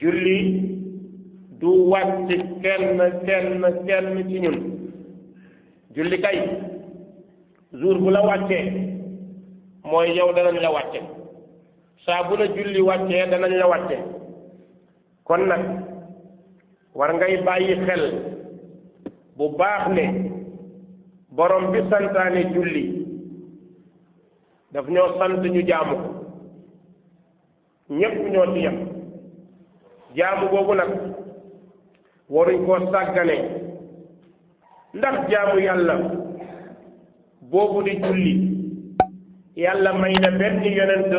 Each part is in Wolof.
julli du wàcc kenn kenn kenn ci ñun julli kay jour bu la wàccee mooy yow danañ la wàcce saa bu la julli wàccee danañ la wàcce kon nag war ngay bàyyi xel bu baax ne borom bi santaane julli daf ñoo sant ñu jaamu ko ñépp ñoo ci jaamu boobu nag waruñ koo sàggane ndax jaamu yàlla boobu di julli yàlla may na benn yonent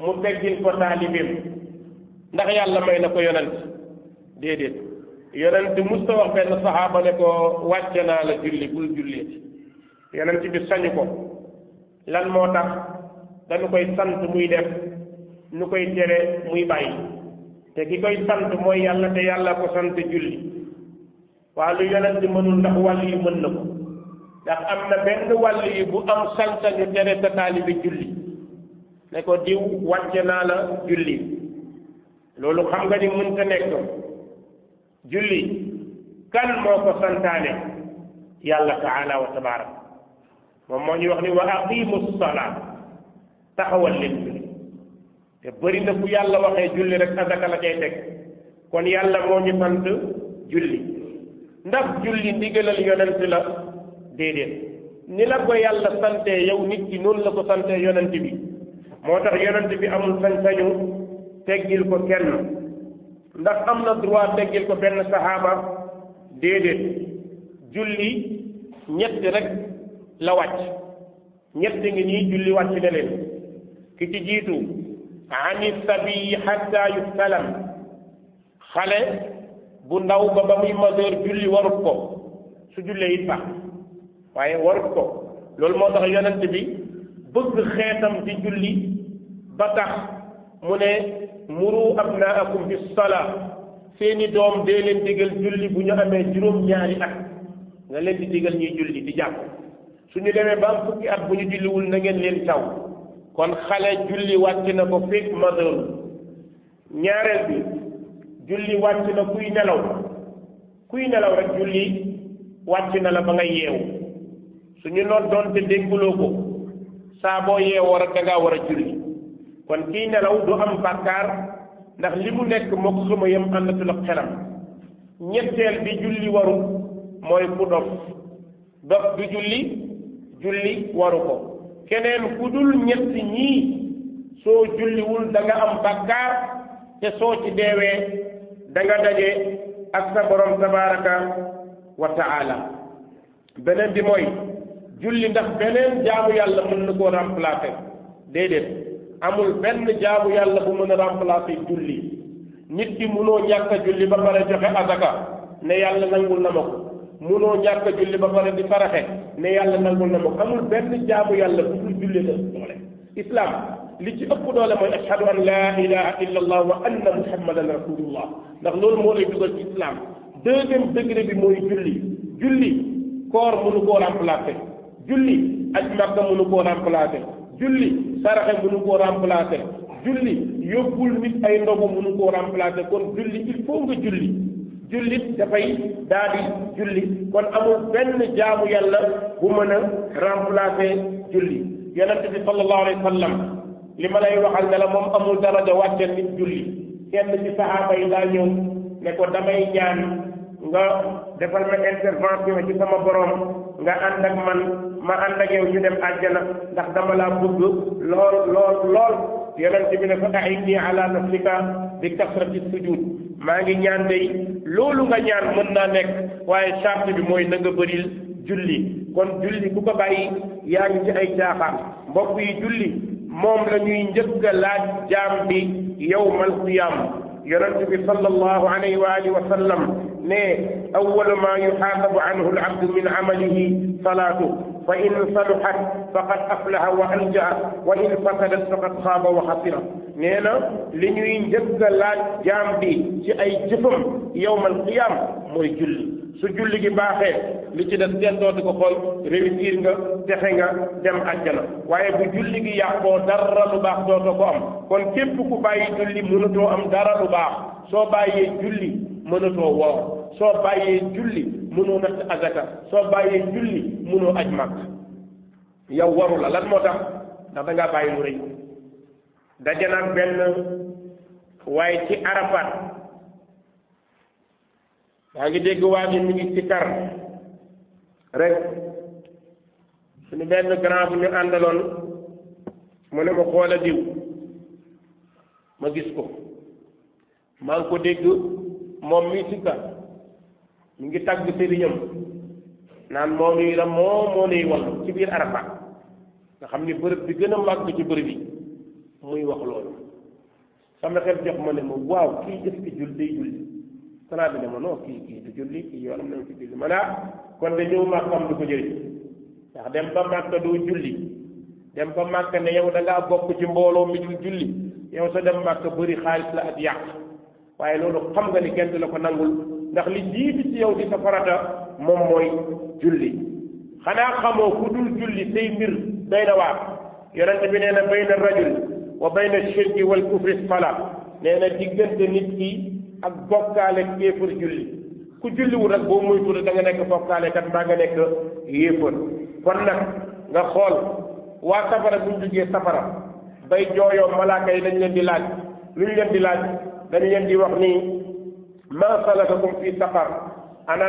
mu teggil ko taalibeem ndax yàlla may na ko yonent déedéet yonent musta wax benn saxaaba ko wàcce naa la julli bul julleeti yonent bi sañu ko lan moo tax dañu koy sant muy def nu koy tere muy bàyyi te ki koy sant mooy yàlla te yàlla ko sant julli waa lu yonent mënul ndax wàll yi mën na ko ndax am na benn wàll yi bu am sañ-sañu tere sa taalibi julli ne ko diw wàcce naa la julli loolu xam nga ni mënta nekk julli kan moo ko santaane yàlla taala wa tabarak moom moo ñu wax ni wa aqimu salaat taxawal leen julli te bëri na bu yàlla waxee julli rek azaka la cay teg kon yàlla moo ñu sant julli ndax julli ndigalal yonent la déedéet ni la ko yàlla sante yow nit ki noonu la ko sante yonent bi moo tax yonent bi amul sañ-sañu teggil ko kenn ndax am na droit teggil ko benn saxaaba déedéet julli ñett rek la wàcc ñett ngi nii julli wàcc na ki ci jiitu ani sabi xatta yuhtalam xale bu ndaw ba ba muy majeur julli warut ko su jullee it baax waaye warut ko loolu moo tax yonent bi bëgg xeetam di julli ba tax mu ne muru abnaakum bis salaa seeni doom dee leen digal julli bu ñu amee juróom-ñaari at nga leen di digal ñuy julli di jàpp su ñu demee ba am fukki at bu ñu julliwul na ngeen leen taw kon xale julli wàcc na ko fekk majeur ñaareel bi julli wàcc na kuy nelaw kuy nelaw rek julli wàcc na la ba nga yeewu suñu noon doonte dégguloo ko saa boo yeewoo rek da war a julli kon kiy nelaw du am bàkkaar ndax li mu nekk moo ko xëma yam àndatul ak xelam ñetteel bi julli waru mooy ku dof dof du julli julli waru ko keneen ku dul ñett ñii soo julliwul danga am bakkaar te soo ci deewee da nga ak sa borom tabaraka wa beneen bi mooy julli ndax beneen jaamu yàlla mën na koo remplacer déedéet amul benn jaamu yàlla bu mën a remplacer julli nit ki mënoo ñàkk a julli ba pare joxe azaka ne yàlla nangul na ma ko munoo ñàkk julli ba pare di faraxe ne yàlla nangul na mu amul benn jaamu yàlla bu dul julli la doole islam li ci ëpp doole mooy ashhadu an la ilaha illa allah wa anna muhammadan rasulullah ndax loolu moo lay dugal ci islam deuxième degré bi mooy julli julli koor mënu koo remplacer julli aj màkka mënu koo remplacer julli saraxe mënu koo remplacer julli yóbbul nit ay ndogu mënu koo remplacer kon julli il faut nga julli jullit dafay daal di julli kon amul benn jaamu yàlla bu mën a remplacer julli yonente bi sallallahu alayhi wa li ma lay waxal ne la moom amul daraja wàcce nit julli kenn ci saxaaba yi laa ñëw ne ko damay ñaan nga defal ma intervention ci sama borom nga ànd ak man ma ànd ak yow ñu dem àjjana ndax dama laa bëgg lool lool lool yonente bi ne ko ahinni ala nafsika bi kasrati sujud maa ngi ñaan day loolu nga ñaan mën naa nekk waaye charte bi mooy na nga bëril julli kon julli ku ko bàyyi yaa ngi ci ay caaxaan mbokk yi julli moom la ñuy njëkk a laaj jaam bi yowmal qiyam yonent bi sallallahu alayhi wa alihi wa sallam ne awalu ma yuxaasabu anhu al abdu min amalihi salaatu فإن صلحت فقد أفلح وأنجح وإن فسدت فقد خاب وخسر nee na li ñuy njëkk a laaj jaam bi ci ay jëfam yowmal qiyam mooy julli su julli gi baaxee li ci des kenn dootu ko xool réussir nga texe nga dem àjjana waaye bu julli gi yàqoo dara lu baax dootoo ko am kon képp ku bàyyi julli mënatoo am dara lu baax soo bàyyee julli mënatoo woor soo bàyyee julli mënoo natt azaka soo bàyyee julli munoo aj màgg yow waru la lan moo tax ndax da bàyyi lu rëy daje benn waaye ci arafat maa ngi dégg waa ji mi ngi ci kar rek suñu benn grand bu ñu àndaloon mu ne ma xoola diw ma gis ko maa ngi ko dégg moom mi ci kar ngi tagg sëriñam naan moom yi la moom moo lay wallu ci biir arafa nga xam ni bërëb bi gën a màgg ci bërëb yi muy wax loolu sama xel jox ma ne ma waaw kii est-ce que julli day julli ne ma ci julli ma ne ah, kon de ñëw màkk am du ko jëriñ ndax dem ba màkk doo julli dem ba màkk ne yow da ngaa bokk ci mbooloo mi dul julli yow sa dem màkk bëri xaalis la ak yàq waaye loolu xam nga ni kenn la ko nangul ndax li jiitu ci yow di sa farata moom mooy julli xanaa xamoo ku dul julli say mbir day na waar yonente bi nee na bayna rajul wa bayna shirki wal kufri sala nee na diggante nit ki ak bokkaale kéefër julli ku julliwul rek boo muy tuuti da nga nekk bokkaale kat mbaa nga nekk yéefër kon nag nga xool waa safara buñ jugee safara bay jooyoo malaaka yi dañ leen di laaj luñ leen di laaj dañ leen di wax nii ma salakakum fi saqar ana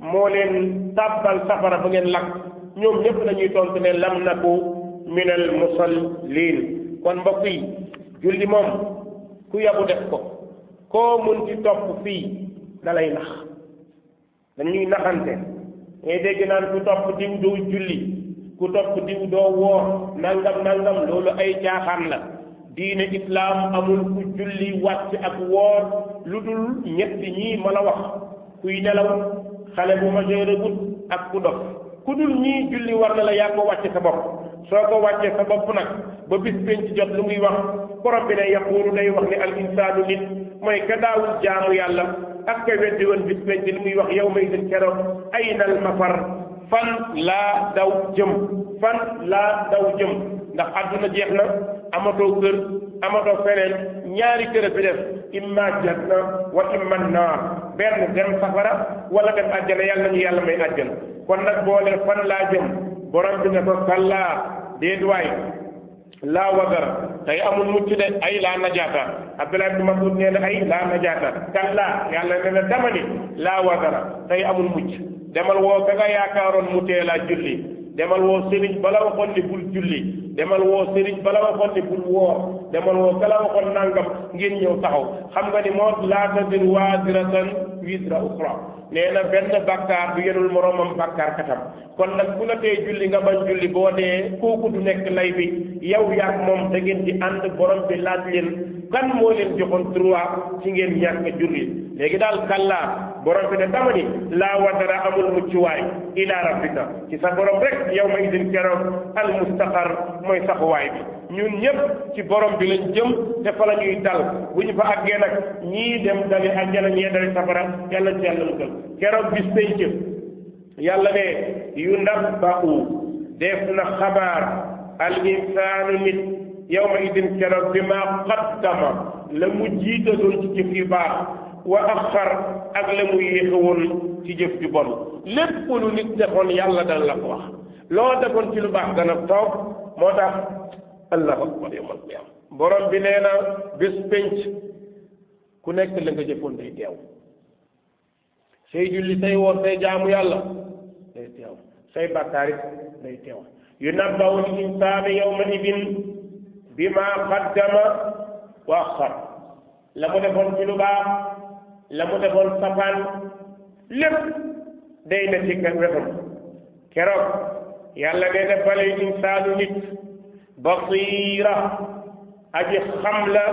mounen tap kan safara pe gen lak, nyom hep nan yu ton tene lam naku, minel musol lin. Kon bakwi, julli mom, kuyabu desko, kon moun di tok pou fi, nalay lak. Nan yu nakanten, e de genan kutop kutim dou julli, kutop kutim dou wak, nangam nangam, lolo ay kya khan la. Dine islam, amoun kut julli, wat se ap wak, loulou nyat si nyi manawak, kuyidela wak, xale bu ma jëregut ak ku dof ku dul ñii julli war na la yaa ko wàcce sa bopp soo ko wàccee sa bopp nag ba bis penc jot lu muy wax borom bi na yaquulu day wax ne al insaanu nit mooy ka daawul jaamu yàlla ak ka weddi woon lu muy wax yow may din keroog ayna al mafar fan laa daw jëm fan laa daw jëm ndax àdduna jeex na amatoo kër amatoo feneen ñaari kër a fi def imma janna wa imma naar benn dem safara wala dem àjjana yàlla nañu yàlla may àjjana kon nag boole fan laa jëm borom bi ne ko kallaa déet waay laa wagar tey amul mucc de ay laa najaata Abdullah ibn Mas'ud nee ay laa najaata kallaa yàlla ne dama ni laa wagara tey amul mucc demal woo ka yaakaaroon mu teelaa julli demal woo sëriñ bala waxoon ni bul julli demal woo sëriñ bala waxoon ni bul woor demal woo kala waxoon nangam ngeen ñëw taxaw xam nga ni moo laa tadiru waaziratan wisra uxra nee na benn bàkkaar bu yenul moroomam bàkkaar katam kon nag bu la tee julli nga ba julli boo dee kooku du nekk lay bi yow yaak moom da ngeen di ànd borom bi laaj leen kan moo leen joxoon droit ci ngeen ñàkk julli léegi daal kàllaa borom bi ne dama ni laa wasara amul muccuwaay ilaa rabbika ci sa borom rek yow ma idin keroog al mustaqar mooy saxuwaay bi ñun ñëpp ci borom bi lañ jëm te fa la ñuy dal bu ñu fa àggee nag ñii dem dali àjjana ñee dali safara yàlla ci yàlla musal keroog bis tey jëm yàlla ne yu nabbahu def na xabaar al insaanu nit yow idin keroog bi maa qaddama la mu jiitaloon ci jëf yu baax wa axar ak la mu yéexe woon ci jëf ju bon lépp lu nit defoon yàlla dana la ko wax loo defoon ci lu baax dana toog moo tax allahu akbar bi nee na bis pénc ku nekk la nga jëfoon day teew say julli say woor say jaamu yàlla day teew say bàkkaar it day teew yunabbawu l insaanu yawma idin bi ma qaddama wa axar la mu defoon ci lu baax la mu defoon safaan lépp day na ci kan wetam keroog yàlla day defal insaanu nit basira aji xam la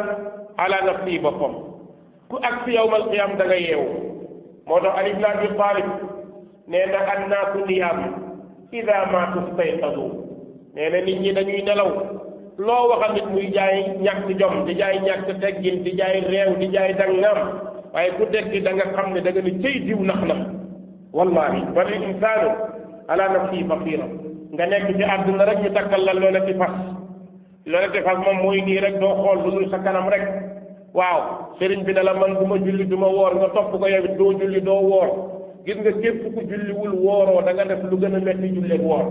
ala nafsi boppam ku ak si yawmal qiyam da nga yeewu moo tax Ali ibn Abi Talib nee na annaasu niyaam ida maatu stayqadu nee na nit ñi dañuy nelaw loo waxal nit muy jaay ñàkk jom di jaay ñàkk teggin di jaay réew di jaay dangaam waaye ku dekki da nga xam ne da nga ne cëy diw nax na wallahi bal insaanu ala nafsihi basira nga nekk ci àdduna rek ñu takkal la loola ci fas loola ci fas moom mooy nii rek doo xool lu dul sa kanam rek waaw sëriñ bi ne la man du ma julli du ma woor nga topp ko yow it doo julli doo woor gis nga képp ku julliwul wooroo da def lu gën a metti julleeg woor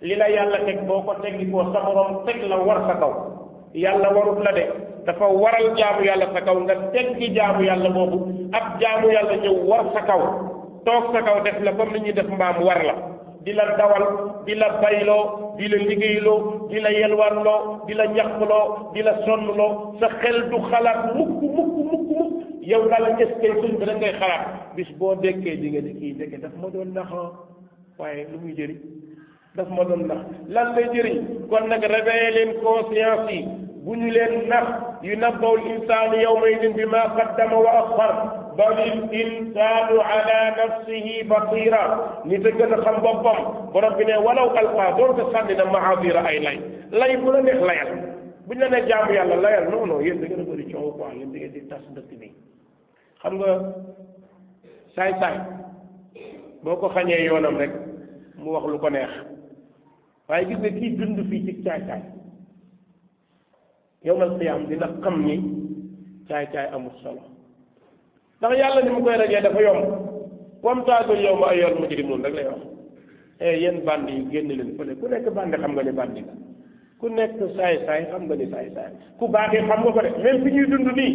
li la yàlla teg boo ko teggi koo sa borom teg la war sa kaw yàlla warut la de dafa waral jaamu yàlla sa kaw nga teggi jaamu yàlla boobu ab jaamu yàlla ñëw war sa kaw toog sa kaw def la comme ni ñuy def mbaam war la di la dawal di la bayloo di la liggéeyloo di la yelwaanloo di la ñaqloo di la sonnloo sa xel du xalaat mukk mukk mukk mukk yow daal est-ce que suñ bi da ngay xalaat bis boo dekkee di nga di kii dekke daf ma doon nax ah waaye lu muy jëriñ daf ma doon nax lan lay jëriñ kon nag réveillé conscience yi bu ñu leen nax yu nabbaw al insaanu idin bi ma qaddama wa axar bal il insaanu ala nafsihi basira nit a gën a xam boppam borom bi ne walaw alqaa doonte sànni na maadira ay lay lay bu la neex layal bu ñu la ne jaamu yàlla layal non non yéen da a bëri coow quoi yéen da ngeen di tas dëkk bi xam nga saay saay boo ko xañee yoonam rek mu wax lu ko neex waaye gis nga kii dund fii ci saay saay yowmal qiyaam dina xam ni caay-caay amul solo ndax yàlla ni mu koy rajee dafa yomb wamtaazul yawma ayyuhal mujrimuun rek lay wax e yéen bandi yi génn leen fële ku nekk bandi xam nga ni bandi la ku nekk saay-saay xam nga ni saay-saay ku baaxee xam nga ko de même fi ñuy dund nii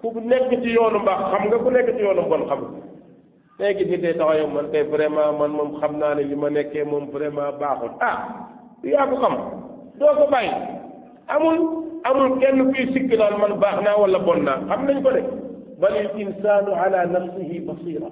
ku nekk ci yoonu mbaax xam nga ku nekk ci yoonu mbon xam nga léegi nit day taxaw yow man tey vraiment man moom xam naa ne li ma nekkee moom vraiment baaxul ah yaa ko xam doo ko bàyyi amul kenn kuy sikki naan man baax naa wala bon naa xam nañ ko de balil insaanu ala nafsihi basira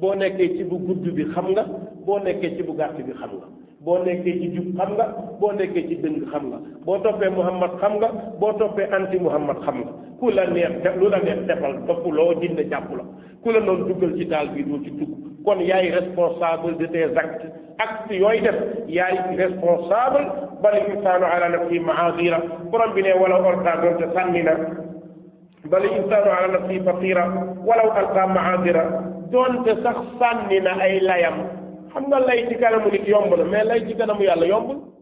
boo nekkee ci bu gudd bi xam nga boo nekkee ci bu bi xam nga boo nekkee jub xam nga boo nekkee ci dëng xam nga boo toppee muhammad xam nga boo toppee anti muhammad xam nga ku la neex lu la neex defal topp loo jënd jàpp la ku la noonu duggal ci taal bi doo ci dugg kon yaay responsable de tes actes actes yooyu def yaay responsable bal insanu ala nafsi maasira borom bi ne wala orta doonte sànni na bal insanu ala nafsi fatira wala alqa maasira doonte sax sànni na ay layam xam nga lay ci kanamu nit yomb na mais lay ci kanamu yàlla yombul